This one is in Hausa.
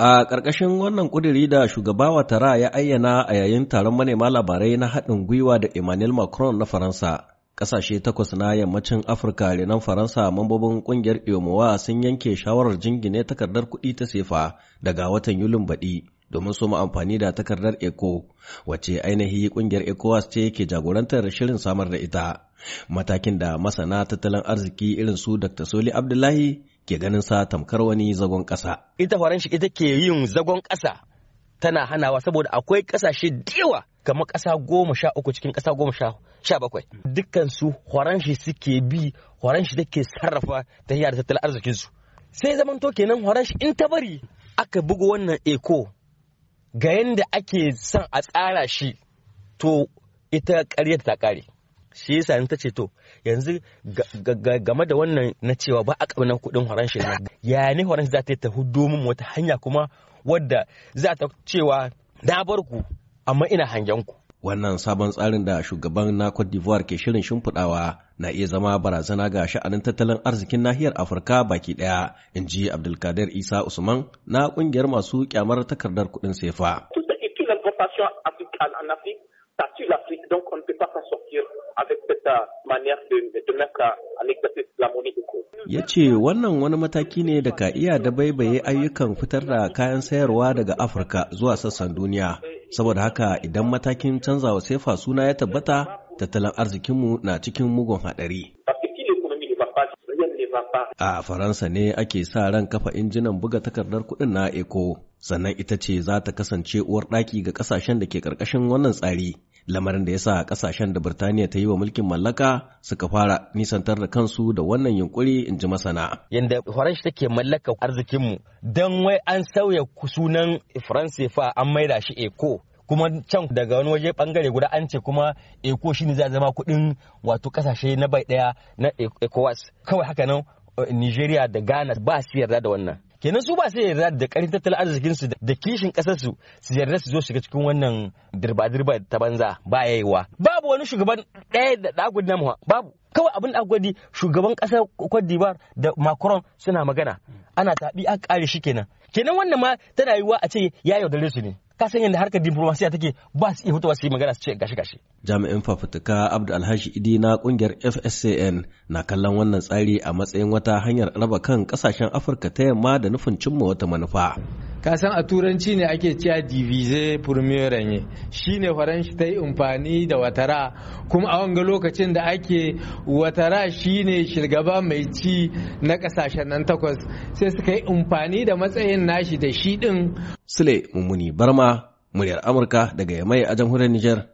A ƙarƙashin wannan ƙudiri da shugaba Watara ya ayyana a yayin taron manema labarai na haɗin gwiwa da Emmanuel Macron na Faransa, ƙasashe takwas na yammacin Afirka renan Faransa mambobin ƙungiyar Iyomowa sun yanke shawarar jingine takardar kuɗi ta sefa daga watan Yulin baɗi domin su amfani da takardar ECO, Wace ainihi ƙungiyar ECOWAS ce ke jagorantar shirin samar da ita. Matakin da masana tattalin arziki irin su Dr. Soli Abdullahi ke ganin sa tamkar wani zagon ƙasa. Ita faran shi ita ke yin zagon ƙasa tana hanawa saboda akwai ƙasashe dewa kamar ƙasa goma sha uku cikin ƙasa goma sha bakwai. Dukkansu shi suke bi horon shi take sarrafa ta hiyar tattalin arzikin su. Sai zamanto kenan horon shi in ta bari aka bugu wannan eko ga yadda ake son a tsara shi to ita ƙaryar ta ƙare. shi yasa ta ce to yanzu game da wannan na cewa ba a ƙaunar kuɗin horanshi shi ya ne horanshi za ta ta hudo min wata hanya kuma wadda za ta cewa na bar ku amma ina hangen ku wannan sabon tsarin da shugaban na Cote d'Ivoire ke shirin shimfiɗawa na iya zama barazana ga sha'anin tattalin arzikin nahiyar Afirka baki ɗaya, in ji Abdulkadir Isa Usman na ƙungiyar masu kyamar takardar kuɗin sefa. Donc, on ne peut pas s'en sortir avec cette euh, manière de, de mettre euh, en exercice la monnaie du coup. Ya ce wannan wani mataki ne da ka iya da baibaye ayyukan fitar da kayan sayarwa daga Afirka zuwa sassan duniya. Saboda haka idan matakin canzawa sefa suna ya tabbata, tattalin arzikinmu na cikin mugun haɗari. A Faransa ne ake sa ran kafa injinan buga takardar kuɗin na eko, sannan ita ce za ta kasance uwar ɗaki ga ƙasashen da ke ƙarƙashin wannan tsari. Lamarin da ya sa ƙasashen da Birtaniya ta yi wa mulkin mallaka suka fara nisantar da kansu da wannan yunkuri in ji masana. Yanda Faransa take mallaka arzikinmu don wai an sauya sunan Faransa fa an maida shi eko. kuma can daga wani waje bangare guda an ce kuma eco shine zai zama kuɗin wato kasashe na bai daya na e-, ecowas kawai haka nan uh, nigeria da ghana ba su yarda da wannan kenan su ba su yarda da karin tattalin arzikin su da kishin kasar su su yarda su zo shiga cikin wannan dirba-dirba ta banza ba yayiwa babu wani shugaban ɗaya da ɗagun namuwa babu kawai abin da gwadi shugaban kasar Cote da Macron suna magana ana tabi an kare shi kenan kenan wannan ma tana yiwuwa a ce ya yaudare su ne ka san yadda harkar diplomasiya take ba su iya fitowa su yi magana su ce gashi gashi jami'in fafutuka abdu alhaji idi na kungiyar fscn na kallon wannan tsari a matsayin wata hanyar raba kan kasashen afirka ta yamma da nufin cimma wata manufa ka san a turanci ne ake cewa divise premier ne shine faranshi ta yi amfani da watara kuma a wanga lokacin da ake watara shine shirgaba mai ci na kasashen nan takwas sai suka yi amfani da matsayin nashi da shi din sule mummuni barma muryar amurka daga yamai a jamhuriyar niger